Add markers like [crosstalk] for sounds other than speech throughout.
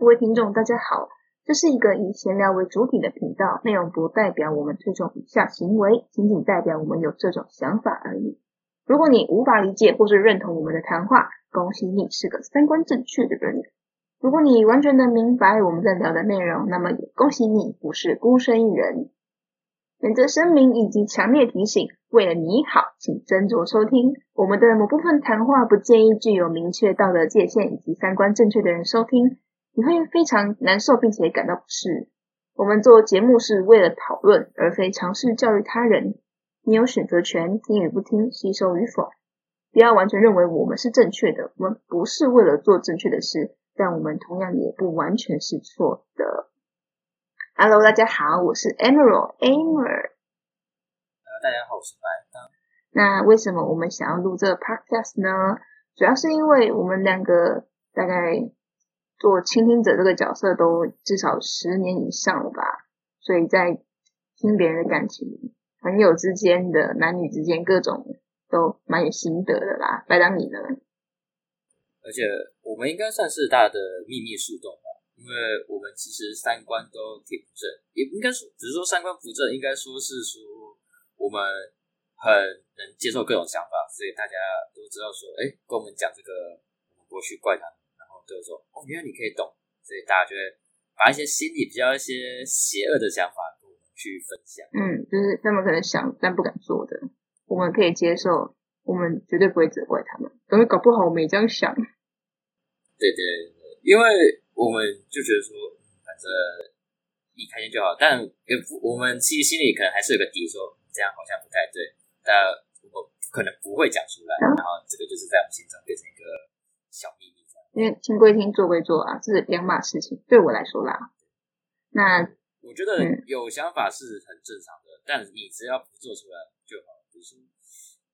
各位聽眾，大家好。這是一個以閒聊為主體的頻道，內容不代表我們推崇以下行為，僅僅代表我們有這種想法而已。如果你無法理解或是認同我們的談話，恭喜你是個三觀正確的人。如果你完全能明白我們在聊的內容，那麼也恭喜你不是孤身一人。免責聲明以及強烈提醒：為了你好，請斟酌收聽。我們的某部分談話不建議具有明確道德界限以及三觀正確的人收聽。你會非常難受，並且感到不適。我們做節目是為了討論，而非嘗試教育他人。你有選擇權，聽與不聽，吸收與否。不要完全認為我們是正確的。我們不是為了做正確的事，但我們同樣也不完全是錯的。Hello，大家好，我是 Emerald Amber。大家好，我是白當。那為什麼我們想要錄這個 Podcast 呢？主要是因為我們兩個大概。做傾聽者這個角色都至少十年以上了吧，所以在聽別人的感情、朋友之間的、男女之間各種都蠻有心得的啦。白當你呢？而且我們應該算是大的秘密樹洞吧，因為我們其實三觀都挺正，也應該說只是說三觀不正，應該說是說我們很能接受各種想法，所以大家都知道說，哎，跟我們講這個，我們過去怪他。就是說，哦，原來你可以懂，所以大家覺得把一些心裡比較一些邪惡的想法跟我們去分享。嗯，就是他們可能想但不敢做的，我們可以接受，我們絕對不會責怪他們。但是搞不好我們也這樣想。對對對，因為我們就覺得說，嗯，反正你開心就好。但也不，我們其實心裡可能還是有個底，說這樣好像不太對，但我可能不會講出來。啊，然後這個就是在我們心中變成一個小秘密。因為聽歸聽，做歸做啊，這是兩碼事情。對我來說啦，那我覺得有想法是很正常的，嗯、但你只要不做出來就好。就是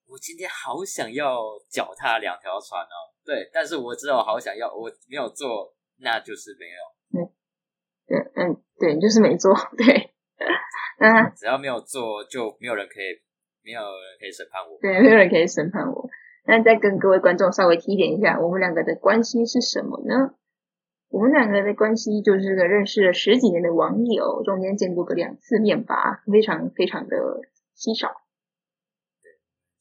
我今天好想要腳踏兩條船哦、啊，對，但是我只有好想要，我沒有做，那就是沒有。嗯，對，嗯，對，你就是沒做。對，嗯， [laughs] 那只要沒有做，就沒有人可以，沒有人可以審判我。對，沒有人可以審判我。那再跟各位觀眾稍微提點一下，我們兩個的關係是什麼呢？我們兩個的關係就是這個認識了十幾年的網友，中間見過個兩次面吧，非常非常的稀少。對，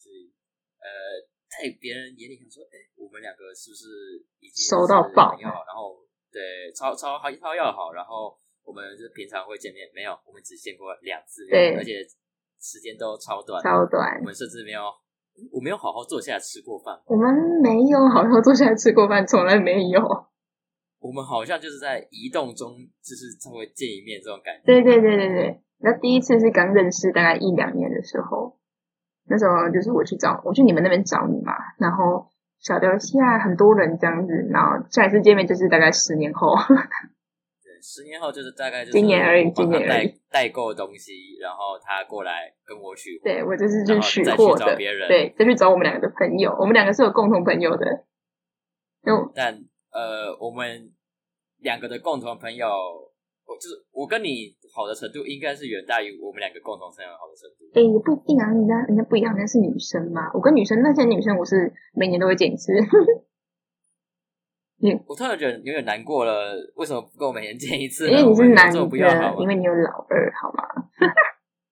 所以呃，在別人眼裡想說，哎、欸，我們兩個是不是已經收到爆？然後對，超超一套要好，然後我們就平常會見面，沒有，我們只見過兩次面，對而且時間都超短，超短，我們甚至沒有。我沒有好好坐下來吃過飯。我們沒有好好坐下來吃過飯，從來沒有。我們好像就是在移動中，就是才會見一面這種感覺。對對對對對。那第一次是剛認識大概一兩年的時候，那時候就是我去找，我去你們那邊找你嘛。然後曉得現在很多人這樣子，然後下一次見面就是大概十年後。 [laughs] 十年後就是大概就是我帶今年而已，今年代代購東西，然後他過來跟我取。對，我就是去取貨的，再去找別人，對，就去找我們兩個的朋友，我們兩個是有共同朋友的。嗯嗯、但呃，我們兩個的共同朋友，就是我跟你好的程度，應該是遠大於我們兩個共同生活好的程度。哎、欸，也不一定啊，人家人家不一樣，人家是女生嘛。我跟女生那些女生，我是每年都會見一次。 [laughs] 嗯、我突然覺得有點難過了，為什麼不跟我們約見一次呢？因為你是男的，因為你有老二，好嗎？ [laughs]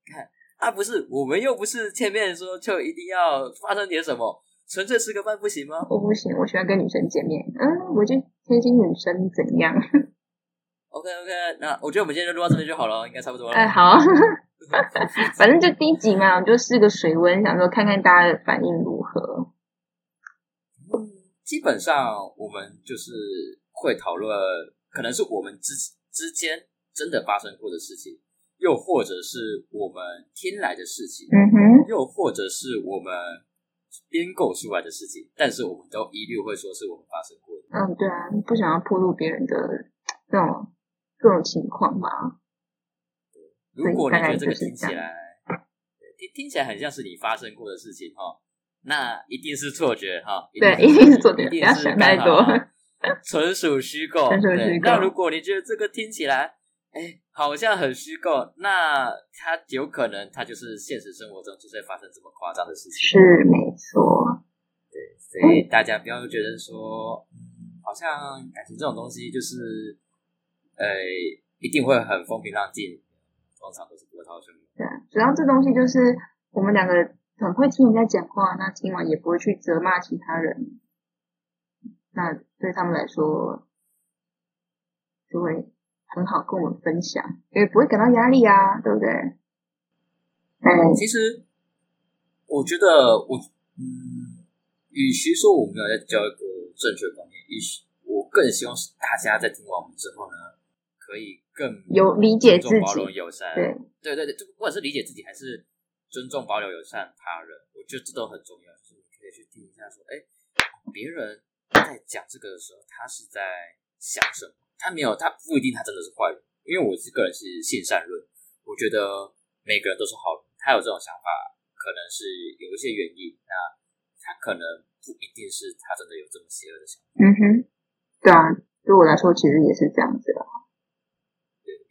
看啊，不是，我們又不是見面說就一定要發生點什麼，純粹吃個飯不行嗎？我不行，我喜歡跟女生見面。嗯，我就貼心女生怎樣？OK OK，那我覺得我們今天就錄到這裡就好了，應該差不多了。哎、欸，好， [laughs] 反正就第一集嘛，就試個水溫，想說看看大家的反應如何。基本上，我們就是會討論，可能是我們之之間真的發生過的事情，又或者是我們聽來的事情，嗯哼，又或者是我們編構出來的事情，嗯哼，但是我們都一律會說是我們發生過的。的。嗯，對啊，不想要暴露別人的這種各種情況嘛。如果你覺得這個聽起來聽，聽起來很像是你發生過的事情哦。那一定是錯覺哈，對，一定是錯覺，一定要想太多， [laughs] 純屬虛構，純屬虛構。那如果你覺得這個聽起來，哎，好像很虛構，那它有可能，它就是現實生活中就會發生這麼誇張的事情。是沒錯，對，所以大家不要覺得說，嗯，好像感情這種東西就是，呃，一定會很風平浪靜，通常都是波濤洶湧。對，主要這東西就是我們兩個。很會聽人家講話，那聽完也不會去責罵其他人，那對他們來說就會很好跟我們分享，也不會感到壓力啊，對不對？嗯嗯、其實我覺得我嗯，與其說我們要在教一個正確的觀念，也許我更希望大家在聽完我們之後呢，可以更有，有理解自己，包容友善，對，對對對，就不管是理解自己還是。尊重、保留、友善他人，我覺得這都很重要。所以你可以去聽一下，說，哎，別人在講這個的時候，他是在想什麼？他沒有，他不一定，他真的是壞人。因為我這個人是信善論，我覺得每個人都是好人。他有這種想法，可能是有一些原因。那他可能不一定是他真的有這麼邪惡的想法。嗯哼，對啊，對我來說其實也是這樣子的。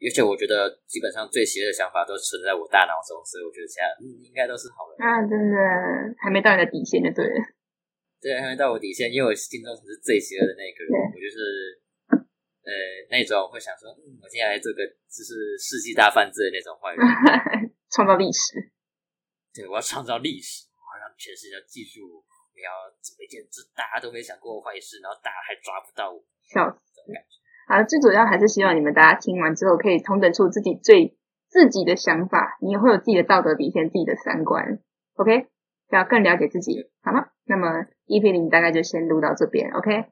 而且我覺得，基本上最邪惡的想法都存在我大腦中，所以我覺得現在嗯應該都是好的。啊，真的，還沒到你的底線就對了。對，還沒到我底線，因為我心中才是最邪惡的那一個人。對我就是，呃，那種我會想說，嗯，我接下來做個就是世紀大犯罪的那種壞人，創 [laughs] 造歷史。對，我要創造歷史，我要讓全世界記住，我要做一件這大家都沒想過壞事，然後大家還抓不到我。笑。啊，最主要還是希望你們大家聽完之後可以同等出自己最自己的想法，你也會有自己的道德底線、自己的三觀，OK，要更了解自己，好嗎？那麼 EP 零大概就先錄到這邊，OK。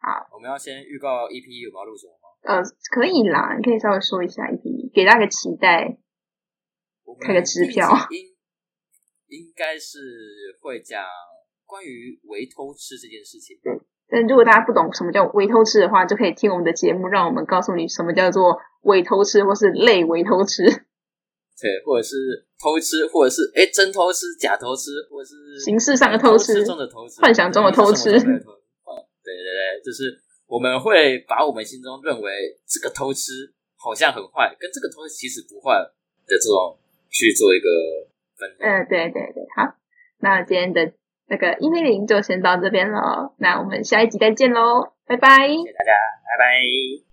好，我們要先預告 EP 有沒有錄什麼？嗎呃，可以啦，你可以稍微說一下 EP，0, 給大家個期待，開個支票，應,應該是會講關於圍偷吃這件事情。對。但如果大家不懂什麼叫偽偷吃的話，就可以聽我們的節目，讓我們告訴你什麼叫做偽偷、偷吃，或是類偽偷吃，對，或者是偷吃，或者是，哎，真偷吃、假偷吃，或者是形式上的偷吃、偷吃中的偷吃，幻想中的偷吃、對的偷吃，啊，對對對，就是我們會把我們心中認為這個偷吃好像很壞，跟這個偷吃其實不壞的這種去做一個分，嗯、呃，對對對，好，那今天的。那個一零零就先到這邊了，那我們下一集再見嘍，拜拜，謝謝大家，拜拜。